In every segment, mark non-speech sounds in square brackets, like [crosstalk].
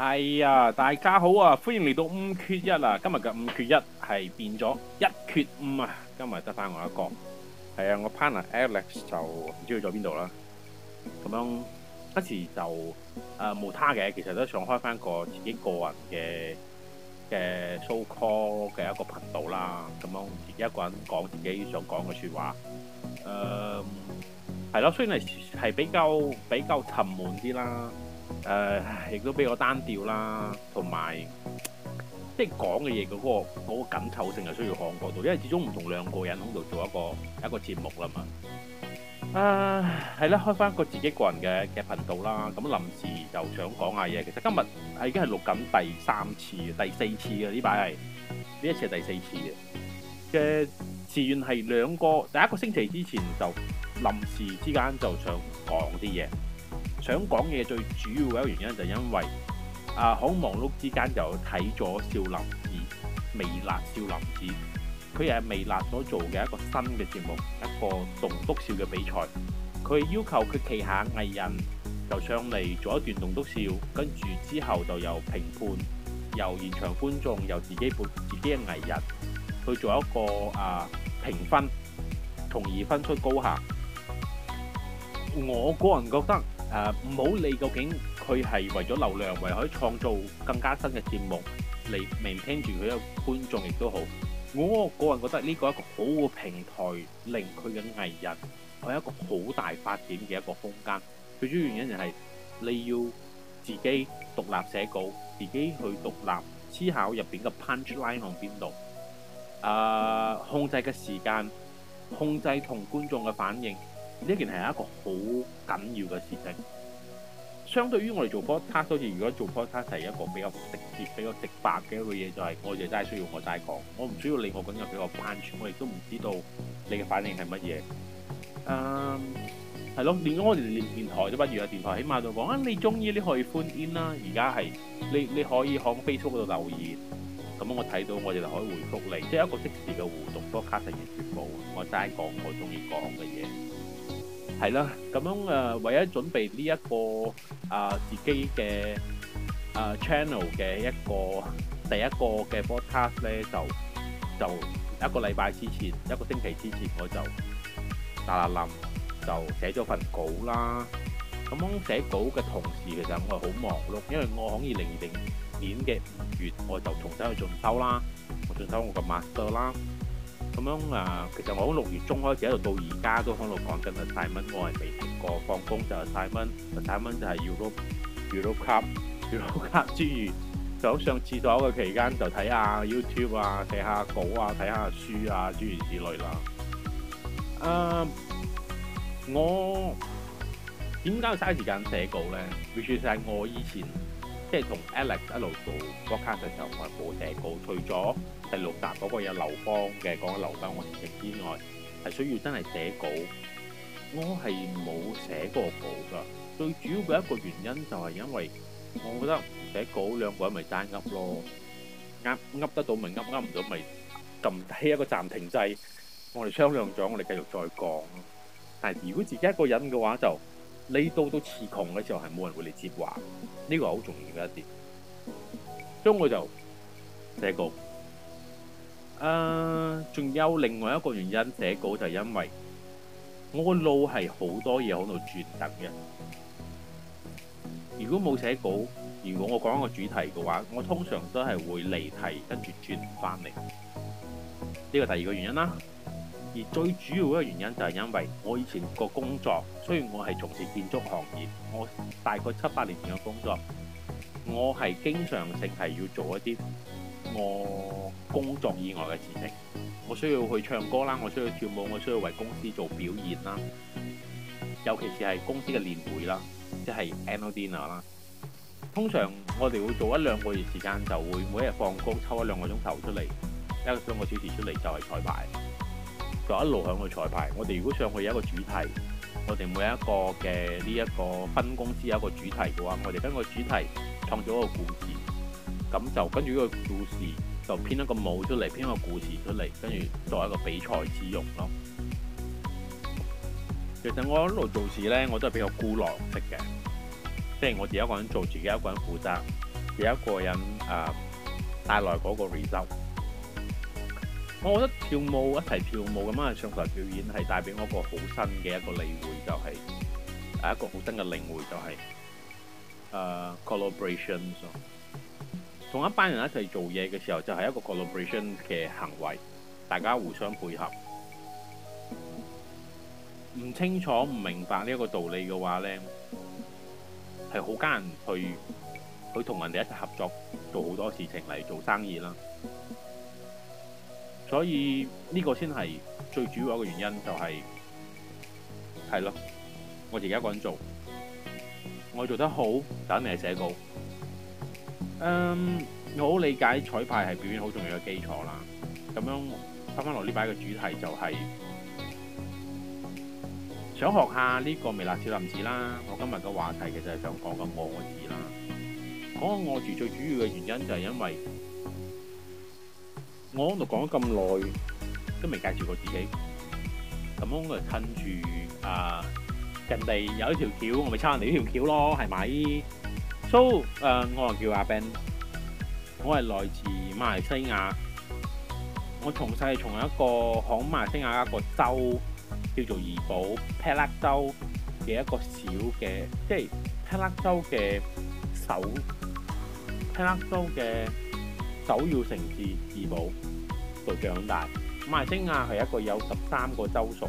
係、哎、啊，大家好啊，歡迎嚟到五缺一啊！今日嘅五缺一係變咗一缺五啊，今日得翻我一個。係啊，我 partner Alex 就唔知去咗邊度啦。咁樣一時就誒冇、呃、他嘅，其實都想開翻個自己個人嘅嘅 show call 嘅一個頻道啦。咁樣自己一個人講自己想講嘅說話。誒、呃，係咯、啊，雖然係係比較比較沉悶啲啦。誒、呃，亦都比較單調啦，同埋即係講嘅嘢嗰個嗰、嗰個緊湊性係需要看角度，因為始終唔同兩個人喺度做一個一個節目啦嘛。啊、呃，係啦，開翻個自己個人嘅嘅頻道啦。咁臨時就想講下嘢，其實今日係已經係錄緊第三次、第四次嘅呢排係呢一次係第四次嘅嘅事緣係兩個第一個星期之前就臨時之間就想講啲嘢，想講嘢最主要嘅一個原因就係因為啊，好忙碌之間就睇咗《笑林寺》微辣《笑林寺》，佢係微辣所做嘅一個新嘅節目，一個棟篤笑嘅比賽。佢要求佢旗下藝人就上嚟做一段棟篤笑，跟住之後就由評判、由現場觀眾、由自己本自己嘅藝人去做一個啊評分，從而分出高下。我個人覺得。誒唔好理究竟佢係為咗流量，為咗可以創造更加新嘅節目嚟 maintain 住佢嘅觀眾亦都好。我個人覺得呢個係一個好嘅平台，令佢嘅藝人係一個好大發展嘅一個空間。最主要原因就係你要自己獨立寫稿，自己去獨立思考入邊嘅 punch line 向邊度。誒、uh, 控制嘅時間，控制同觀眾嘅反應。呢件係一個好緊要嘅事情。相對於我哋做 podcast，好似如果做 podcast 係一個比較直接、比較直白嘅一個嘢，就係我哋真係需要我齋講，我唔需要你我咁入去個判處，我亦都唔知道你嘅反應係乜嘢。嗯，係咯，連我哋連電台都不如啊！電台起碼就講啊，你中意你可以 join in 啦。而家係你你可以喺 Facebook 度留言，咁我睇到我哋就可以回覆你，即係一個即時嘅互動。podcast 完全部，我齋講我中意講嘅嘢。係啦，咁樣誒，為咗準備呢、這個呃呃、一個啊自己嘅啊 channel 嘅一個第一個嘅 podcast 咧，就就一個禮拜之前，一個星期之前，我就嗱嗱臨，立立立就寫咗份稿啦。咁樣寫稿嘅同時，其實我係好忙碌，因為我響二零二零年嘅五月，我就重新去進修啦，我進修我嘅 master 啦。咁樣啊，其實我從六月中開始一路到而家都喺度講緊啊曬蚊，我係未停過，放工就係曬蚊，就曬蚊就係要攞要攞卡，要攞卡之餘，走上廁所嘅期間就睇下 YouTube 啊，寫下稿啊，睇下書啊諸如此類啦。啊、uh，我點解要嘥時間寫稿咧？完全係我以前。即係同 Alex 一路做 podcast 嘅時候，我係冇寫稿。除咗第六集嗰個有劉邦嘅講劉邦嘅事情之外，係需要真係寫稿。我係冇寫過稿㗎。最主要嘅一個原因就係因為我覺得寫稿兩個人咪單噏咯，噏噏得到咪噏，噏唔到咪撳起一個暫停掣。我哋商量咗，我哋繼續再講。但係如果自己一個人嘅話就～你到到詞窮嘅時候，係冇人會嚟接話，呢個係好重要嘅一點。所以我就寫稿。仲、啊、有另外一個原因寫稿，就係、因為我個腦係好多嘢喺度轉等嘅。如果冇寫稿，如果我講一個主題嘅話，我通常都係會離題跟住轉翻嚟。呢個第二個原因啦。而最主要嘅原因就係因為我以前個工作，雖然我係從事建築行業，我大概七八年前嘅工作，我係經常性係要做一啲我工作以外嘅事情。我需要去唱歌啦，我需要跳舞，我需要為公司做表演啦。尤其是係公司嘅年會啦，即係 annual dinner 啦。通常我哋會做一兩個月時間就會每一日放工抽一兩個鐘頭出嚟，一個兩個小時出嚟就係彩排。就一路向度彩排。我哋如果上去有一個主題，我哋每一個嘅呢一個分公司有一個主題嘅話，我哋跟個主題創造一個故事。咁就跟住呢個故事，就編一個舞出嚟，編一個故事出嚟，跟住作為一個比賽之用咯。其實我一路做事咧，我都係比較孤狼式嘅，即係我自己一個人做自己，自己一個人負責，自己一個人誒帶來嗰個 result .我覺得跳舞一齊跳舞咁樣，上台表演係帶俾我一個好新嘅一個理會就係、是、一個好新嘅領會就係、是 uh, collaboration。同一班人一齊做嘢嘅時候，就係、是、一個 collaboration 嘅行為，大家互相配合。唔清楚、唔明白呢一個道理嘅話咧，係好艱難去去同人哋一齊合作做好多事情嚟做生意啦。所以呢個先係最主要一個原因，就係係咯，我自己一個人做，我做得好，等你定係寫稿。嗯，我好理解彩排係表演好重要嘅基礎啦。咁樣翻返落呢擺嘅主題就係、是、想學下呢個《微辣笑林寺》啦。我今日嘅話題其實係想講個我字啦。講個我字最主要嘅原因就係因為，我喺度講咗咁耐，都未介紹過自己。咁、嗯、我就趁住啊，人、呃、哋有一條橋，我咪抄你條橋咯，係咪？So，誒、呃，我又叫阿 Ben，我係來自馬來西亞。我從細從一個響馬來西亞一個州叫做怡保 Perak 州嘅一個小嘅，即係 Perak 州嘅首 Perak 州嘅。首要城市自保度長大，馬來西亞係一個有十三個州屬，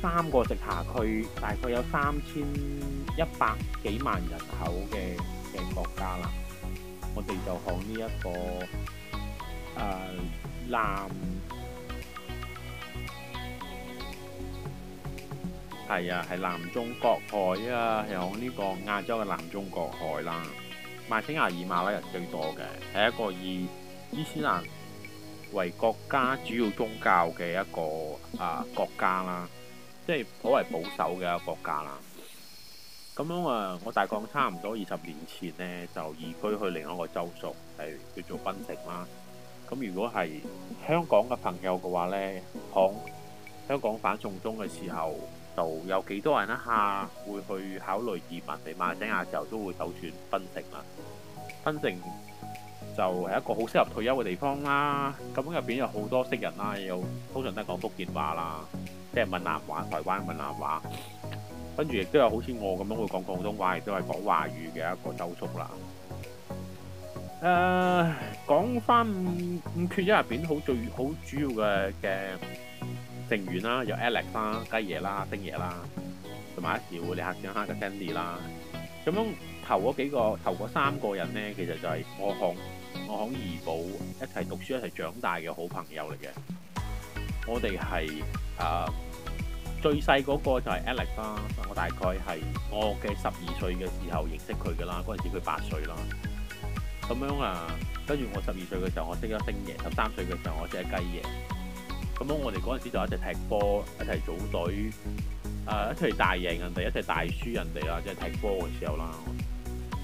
三個直轄區，大概有三千一百幾萬人口嘅嘅國家啦。我哋就講呢一個誒、呃、南係啊，係南中國海啊，係講呢個亞洲嘅南中國海啦。孟星拉以馬拉人最多嘅，係一個以伊斯蘭為國家主要宗教嘅一個啊國家啦，即係頗為保守嘅一個國家啦。咁樣啊，我大概差唔多二十年前呢，就移居去另一個州屬，係叫做檳城啦。咁如果係香港嘅朋友嘅話呢，響香港反送中嘅時候。就有幾多人一下會去考慮移民嚟馬來西亞嘅時候，都會首選檳城啦。檳城就係一個好適合退休嘅地方啦。咁入邊有好多識人啦，又通常都係講福建話啦，即係閩南話、台灣閩南話，跟住亦都有好似我咁樣會講廣東話，亦都係講華語嘅一個州屬啦。誒、呃，講翻五缺一入邊好最好主要嘅嘅成員啦，有 Alex 啦、雞爺啦、星爺啦，同埋一時會你下次揀下個 Sandy 啦。咁樣頭嗰幾個，頭嗰三個人咧，其實就係我響我響怡寶一齊讀書一齊長大嘅好朋友嚟嘅。我哋係啊，最細嗰個就係 Alex 啦。我大概係我嘅十二歲嘅時候認識佢噶啦，嗰陣時佢八歲啦。咁樣啊，跟住我十二歲嘅時候我識咗星爺，十三歲嘅時候我識咗雞爺。咁樣我哋嗰陣時就一齊踢波，一齊組隊，誒一齊大贏人哋，一齊大輸人哋啦，即係踢波嘅時候啦。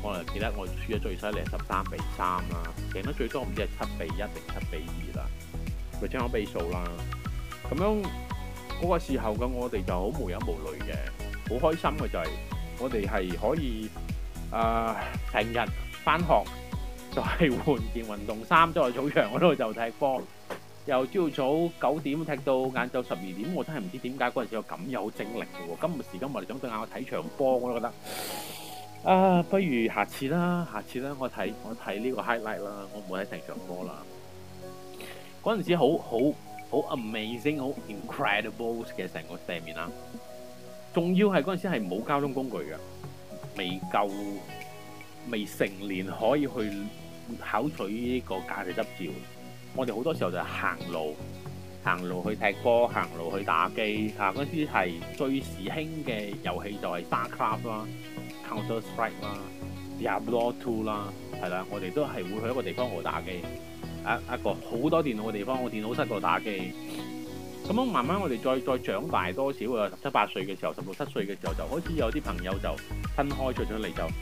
我誒記得我輸咗最犀利係十三比三啦，贏得最多唔知係七比一定七比二啦，咪 change 咗比數啦。咁樣嗰、那個時候嘅我哋就好無憂無慮嘅，好開心嘅就係、是、我哋係可以誒成日翻學就係、是、換件運動衫，走去草場嗰度就踢波。由朝早九點踢到晏晝十二點，我真係唔知點解嗰陣時我咁有精力嘅喎。今時今日時間我哋想對眼我睇場波，我都覺得啊，不如下次啦，下次啦，我睇我睇呢個 highlight 啦，我唔會睇成場波啦。嗰陣時好好好 amazing，好 incredible 嘅成個場面啦。仲要係嗰陣時係冇交通工具嘅，未夠未成年可以去考取呢個駕駛執照。我哋好多時候就行路，行路去踢波，行路去打機嚇。嗰陣時係最時興嘅遊戲就係 StarCraft 啦、Counter Strike 啦、啊、Diablo Two 啦、啊，係啦，我哋都係會去一個地方度打機，一個好多電腦嘅地方腦，我電腦室度打機。咁慢慢我哋再，再長大多少啊？十七八歲嘅時候，十六七歲嘅時候就開始有啲朋友就分開出去咗嚟。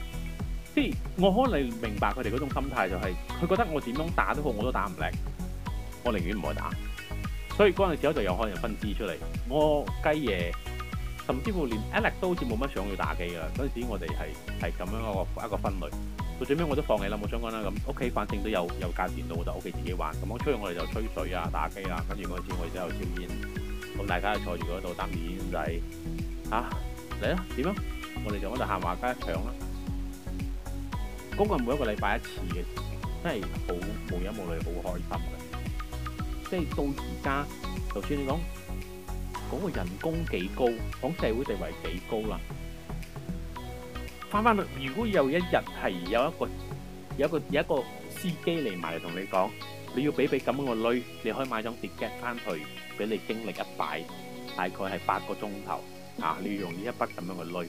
即係我可能明白佢哋嗰種心態，就係，就係佢覺得我點樣打都好，我都打唔叻，我寧願唔去打。所以嗰陣時咧就有可能分支出嚟，我雞爺甚至乎連 Alex 都好似冇乜想要打機噶啦。嗰陣時我哋係係咁樣一個一個分類，到最尾我都放棄啦，冇相干啦。咁屋企反正都有有架電腦我就屋企自己玩。咁我吹我哋就吹水啊，打機啊，跟住嗰陣時我哋都有抽煙。咁大家坐住嗰度打完煙仔，吓、啊，嚟啦點啊？我哋就喺度閒話家常啦。嗰個每一個禮拜一次嘅，真係好無憂無慮，好開心嘅。即係到而家，就算你講嗰個人工幾高，講社會地位幾高啦，翻翻去如果有一日係有一個有一個有一個司機嚟埋嚟同你講，你要俾俾咁樣嘅鐳，你可以買張跌 get 翻去，俾你經歷一擺，大概係八個鐘頭。啊，你要用呢一筆咁樣嘅鐳。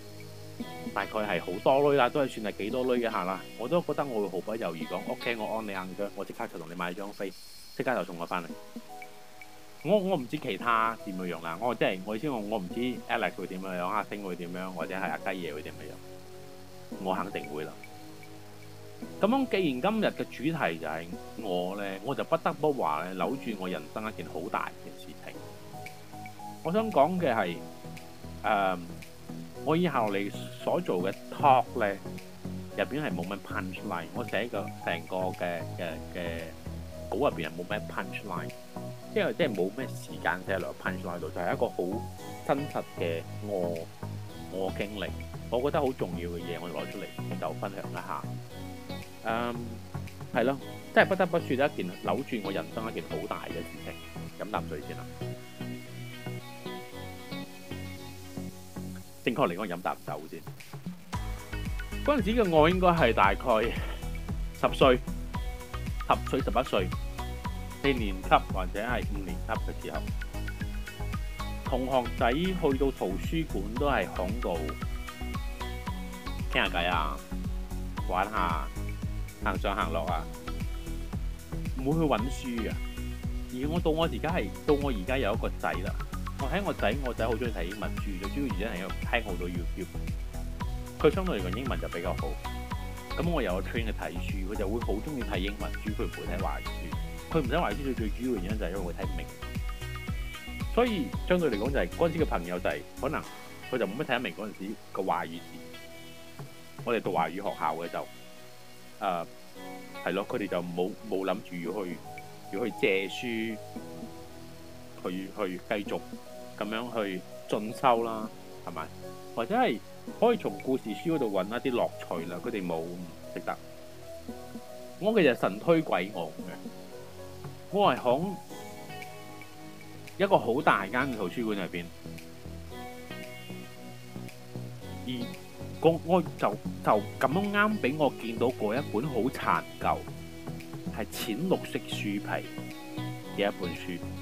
大概係好多女啦，都係算係幾多女嘅下啦。我都覺得我會毫不猶豫講 [music] ，OK，我安你行張，我即刻就同你買張飛，即刻就送我翻嚟。我我唔知其他點嘅樣啦，我即係我意思我唔知 Alex 會點樣，阿星會點樣，或者係阿雞爺會點嘅樣，我肯定會啦。咁樣既然今日嘅主題就係我咧，我就不得不話咧，扭住我人生一件好大嘅事情。我想講嘅係誒。呃我以後你所做嘅 talk 咧，入邊係冇咩 punch line，我寫個成個嘅嘅嘅稿入邊係冇咩 punch line，即係即係冇咩時間寫落 punch line 度，就係一個好真實嘅我我經歷。我覺得好重要嘅嘢，我就攞出嚟就分享一下。嗯，係咯，真係不得不説，一件扭轉我人生一件好大嘅事情。飲啖水先啦。正確嚟講，飲啖酒先。嗰陣時嘅我應該係大概十歲、十歲、十一歲、四年級或者係五年級嘅時候，同學仔去到圖書館都係響度傾下偈啊，玩下行上行落啊，唔會去揾書嘅。而我到我而家係到我而家有一個仔啦。我睇我仔，我仔好中意睇英文書，最主要原因係因為聽好多 YouTube，佢相對嚟講英文就比較好。咁我由我 train 佢睇書，佢就會好中意睇英文書，佢唔會睇華語書。佢唔使華語書，最最主要嘅原因就係因為佢睇唔明。所以相對嚟講就係嗰陣時嘅朋友就係、是、可能佢就冇乜睇得明嗰陣時嘅華語字。我哋讀華語學校嘅、呃、就，誒係咯，佢哋就冇冇諗住要去要去借書去去繼續咁樣去進修啦，係咪？或者係可以從故事書嗰度搵一啲樂趣啦，佢哋冇，值得。 [music] 我其實神推鬼臥嘅，我係響一個好大間嘅圖書館入邊，而我我就就咁啱俾我見到嗰一本好殘舊，係淺綠色書皮嘅一本書。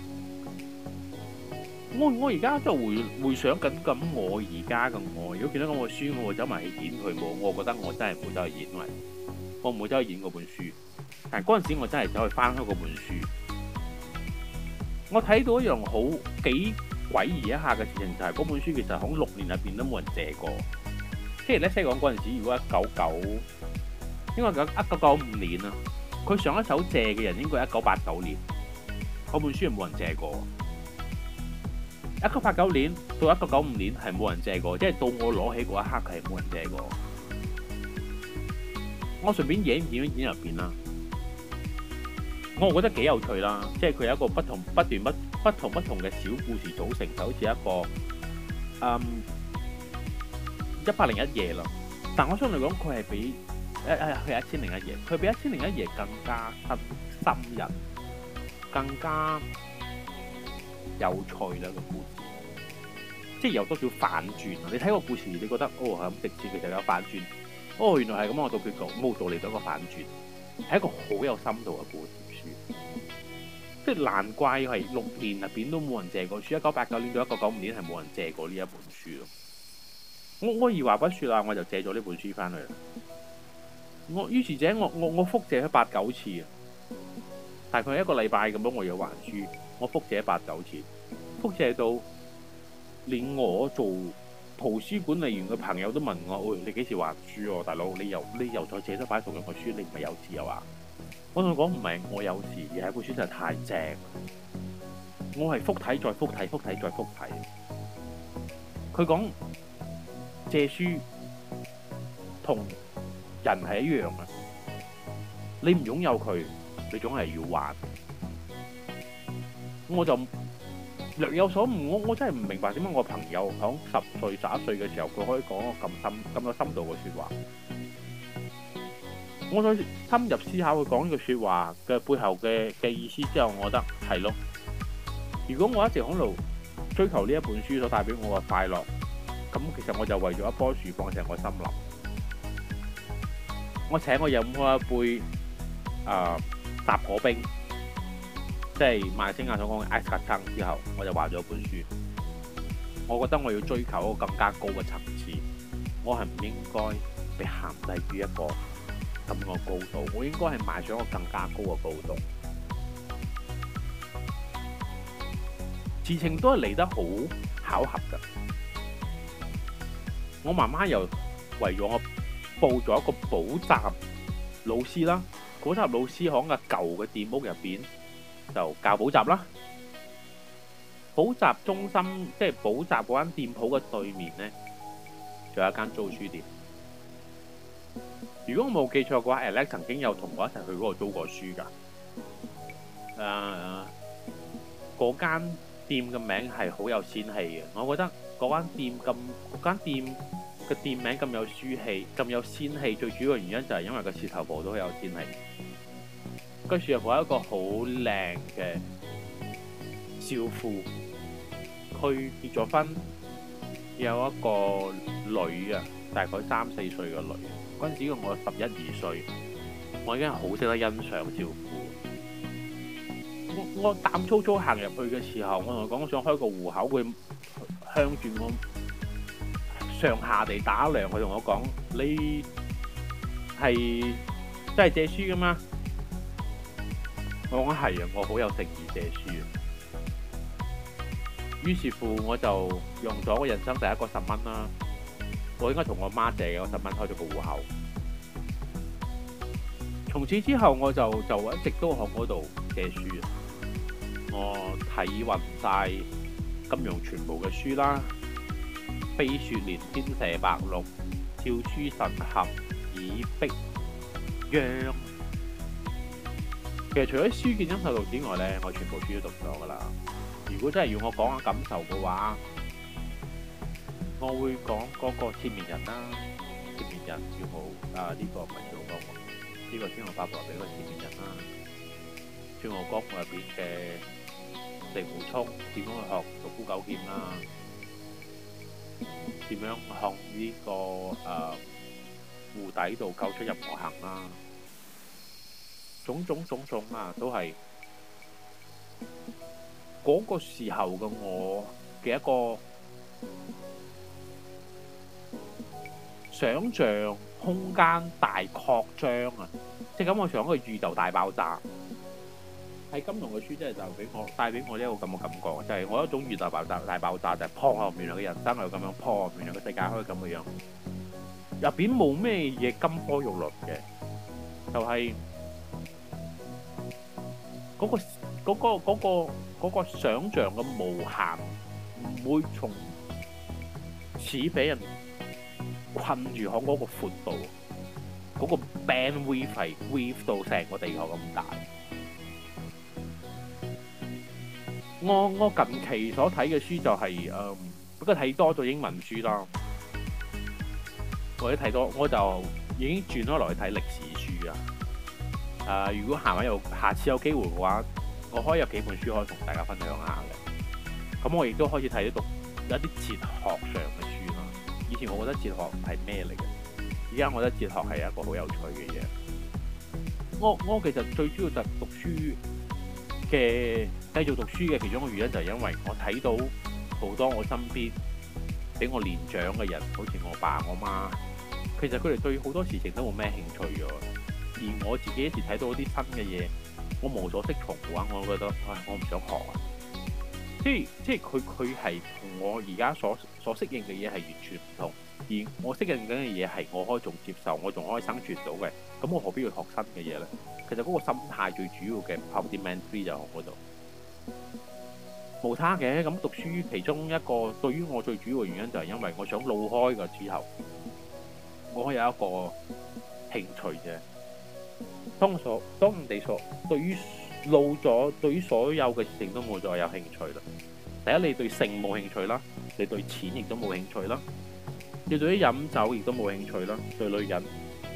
我我而家就回回想緊咁我而家嘅我，如果見到咁嘅書，我走埋去演佢，冇。我覺得我真係唔會走去演，因為我唔會走去演嗰本書。但嗰陣時我真係走去翻開嗰本書，我睇到一樣好幾詭異一下嘅事情，就係、是、嗰本書其實響六年入邊都冇人借過。即係咧，西係講嗰陣時，如果一九九，應該一九九五年啊，佢上一手借嘅人應該一九八九年，嗰本書冇人借過。一九八九年到一九九五年係冇人借過，即係到我攞起嗰一刻佢係冇人借過。我順便影影入邊啦，我覺得幾有趣啦，即係佢有一個不同不斷不不同不同嘅小故事組成，就好似一個一百零一夜咯。但我想嚟講，佢係比，哎，佢係一千零一夜，佢比一千零一夜更加深深入，更加。有趣啦，個故事，即係有多少反轉啊？你睇個故事，你覺得哦，咁直接，佢就有反轉。哦，原來係咁，我到結局冇道理到一個反轉，係一個好有深度嘅故事書。即係難怪係六年入邊都冇人借過書，一九八九年到一九九五年係冇人借過呢一本書咯。我我二話不說啦，我就借咗呢本書翻去。我於是者，我我我複借咗八九次啊，大概一個禮拜咁樣，我有還書。我複借八九次，複借到連我做圖書管理員嘅朋友都問我：喂，你幾時還書啊，大佬？你又你又再借得擺同樣嘅書，你唔係有事啊？我同佢講唔係我有事，而係本書真係太正，我係複睇再複睇，複睇再複睇。佢講借書同人係一樣啊，你唔擁有佢，你總係要還。我就略有所悟，我我真係唔明白點解我朋友響十歲、十一歲嘅時候，佢可以講咁深、咁多深度嘅説話。我想深入思考佢講呢句説話嘅背後嘅嘅意思之後，我覺得係咯。如果我一直喺度追求呢一本書所帶俾我嘅快樂，咁其實我就為咗一樖樹，放成個森林。我請我飲開一杯啊，檸、呃、果冰。即係馬斯亞所講嘅艾斯卡登之後，我就畫咗一本書。我覺得我要追求一個更加高嘅層次，我係唔應該被限制於一個咁嘅高度。我應該係買咗一個更加高嘅高度。事情都係嚟得好巧合㗎。我媽媽又為咗我報咗一個補習老師啦。補習老師行嘅舊嘅店屋入邊，就教補習啦，補習中心即係補習嗰間店鋪嘅對面呢，仲有一間租書店。如果我冇記錯嘅話，人咧 [music] 曾經有同我一齊去嗰度租過書㗎。啊，嗰 [music] [music] 間店嘅名係好有仙氣嘅，我覺得嗰間店咁嗰間店嘅店名咁有書氣、咁有仙氣，最主要嘅原因就係因為個舌頭部都有仙氣。跟住入到一個好靚嘅少婦，佢結咗婚，有一個女啊，大概三四歲嘅女。嗰陣時我十一二歲，我已經好識得欣賞少，少婦。我我膽粗粗行入去嘅時候，我同佢講：我想開一個戶口。佢向住我上下地打量，佢同我講：你係真係借書㗎嘛？我、哦、係啊！我好有誠意借書啊！於是乎我就用咗我人生第一個十蚊啦。我應該同我媽借嘅十蚊開咗個戶口。從此之後我就就一直都響嗰度借書啊！我睇暈晒金庸全部嘅書啦，《飛雪連天射白鹿》，《笑書神俠倚碧鴛》。.其實除咗書劍恩仇錄之外咧，我全部書都讀咗噶啦。如果真係要我講下感受嘅話，我會講嗰個千面人啦、啊，千面人叫好，然後啊呢個唔係小說嘅呢個天龍八部啊，一、這個千、那個這個、面人啦、啊，最後嗰部入邊嘅令狐沖點樣去學獨孤九劍啦、啊，點樣學呢個誒、呃、湖底度救出任我行啦、啊。種種種種啊，都係嗰個時候嘅我嘅一個想象空間大擴張啊，即係咁，我想去宇宙大爆炸喺金融嘅書，真係就俾我帶俾我一個咁嘅感覺，就係我一種宇宙爆炸大爆炸就係破啊！原來嘅人生係咁樣破，原來嘅世界係咁嘅樣入邊冇咩嘢金科玉律嘅，就係。嗰、嗰個嗰、嗰個嗰個嗰個想像嘅無限唔會從似俾人困住喺嗰個闊度，嗰、嗰個 bandwidth 係 wide 到成個地球咁大。我。我我近期所睇嘅書就係、係、嗯，不過睇多咗英文書啦，或者睇多我就已經轉咗落去睇歷史書啊。誒，如果下喎有下次有機會嘅話，我可以有幾本書可以同大家分享一下嘅。咁我亦都開始睇一讀一啲哲學上嘅書啦。以前我覺得哲學係咩嚟嘅？而家我覺得哲學係一個好有趣嘅嘢。我我其實最主要就係讀書嘅，繼續讀書嘅其中一個嘅原因就係因為我睇到好多我身邊比我年長嘅人，好似我爸、我媽，其實佢哋對好多事情都冇咩興趣㗎。而我自己一時睇到啲新嘅嘢，我無所適從嘅話，我覺得我唔想學啊。即係即係佢佢係同我而家所所適應嘅嘢係完全唔同。而我適應緊嘅嘢係我可以仲接受，我仲可以生存到嘅。咁我何必要學新嘅嘢咧？其實嗰個心態最主要嘅 p o w e 就係嗰度無他嘅。咁讀書其中一個對於我最主要嘅原因就係因為我想露開個之後，我可以有一個興趣嘅。通常，當然地，錯，對於老咗，對於所有嘅事情都冇再有興趣啦。第一，你對性冇興趣啦，你對錢亦都冇興趣啦，你對於飲酒亦都冇興趣啦，對女人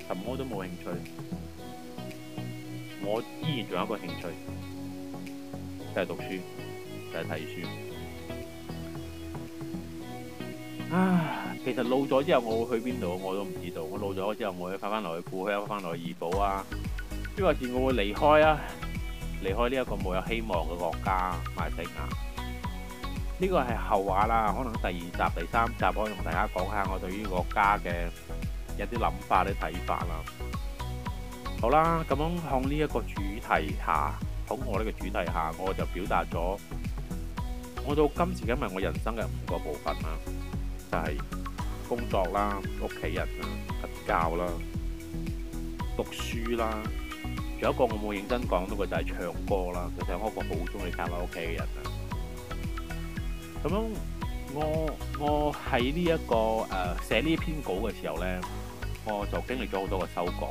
什麼都冇興趣。我依然仲有一個興趣，就係讀書，就係睇書。啊，其實老咗之後我會去邊度，我都唔知道。我老咗之後回，我會翻翻落去故鄉，翻落去怡寶啊。亦或是我會離開啊，離開呢一個冇有希望嘅國家，賣死啊，呢、呢個係後話啦。可能第二集、第三集，我可以同大家講一下我對於國家嘅一啲諗法、啲睇法啦。好啦，咁樣向呢一個主題下，好我呢個主題下，我就表達咗我到今時今日我人生嘅五個部分啦。就係、是、工作啦、屋企人啊、佛教啦、讀書啦，仲有一個我冇認真講到嘅就係、是、唱歌啦。其、就、實、是、我一個好中意參加屋企嘅人啊。咁樣我我喺呢一個誒寫呢篇稿嘅時候咧，我就經歷咗好多個修改。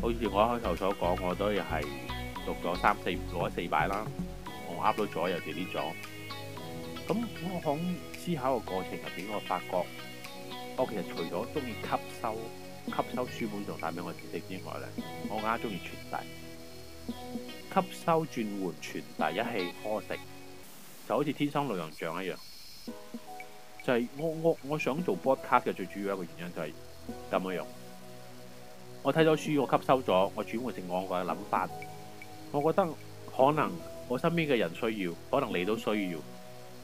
好似我開頭所講，我都係讀咗三四讀咗四百啦，我 update 咗又 delete 咗。咁我講～思考嘅過程入邊，我發覺我其實除咗中意吸收、吸收書本上帶俾我知識之外咧，我更加中意傳遞、吸收、轉換、傳遞一氣呵成，就好似天生路陽像一樣。就係、是、我我我想做 podcast 嘅最主要一個原因就係咁樣樣。我睇咗書，我吸收咗，我轉換成我個諗法。我覺得可能我身邊嘅人需要，可能你都需要。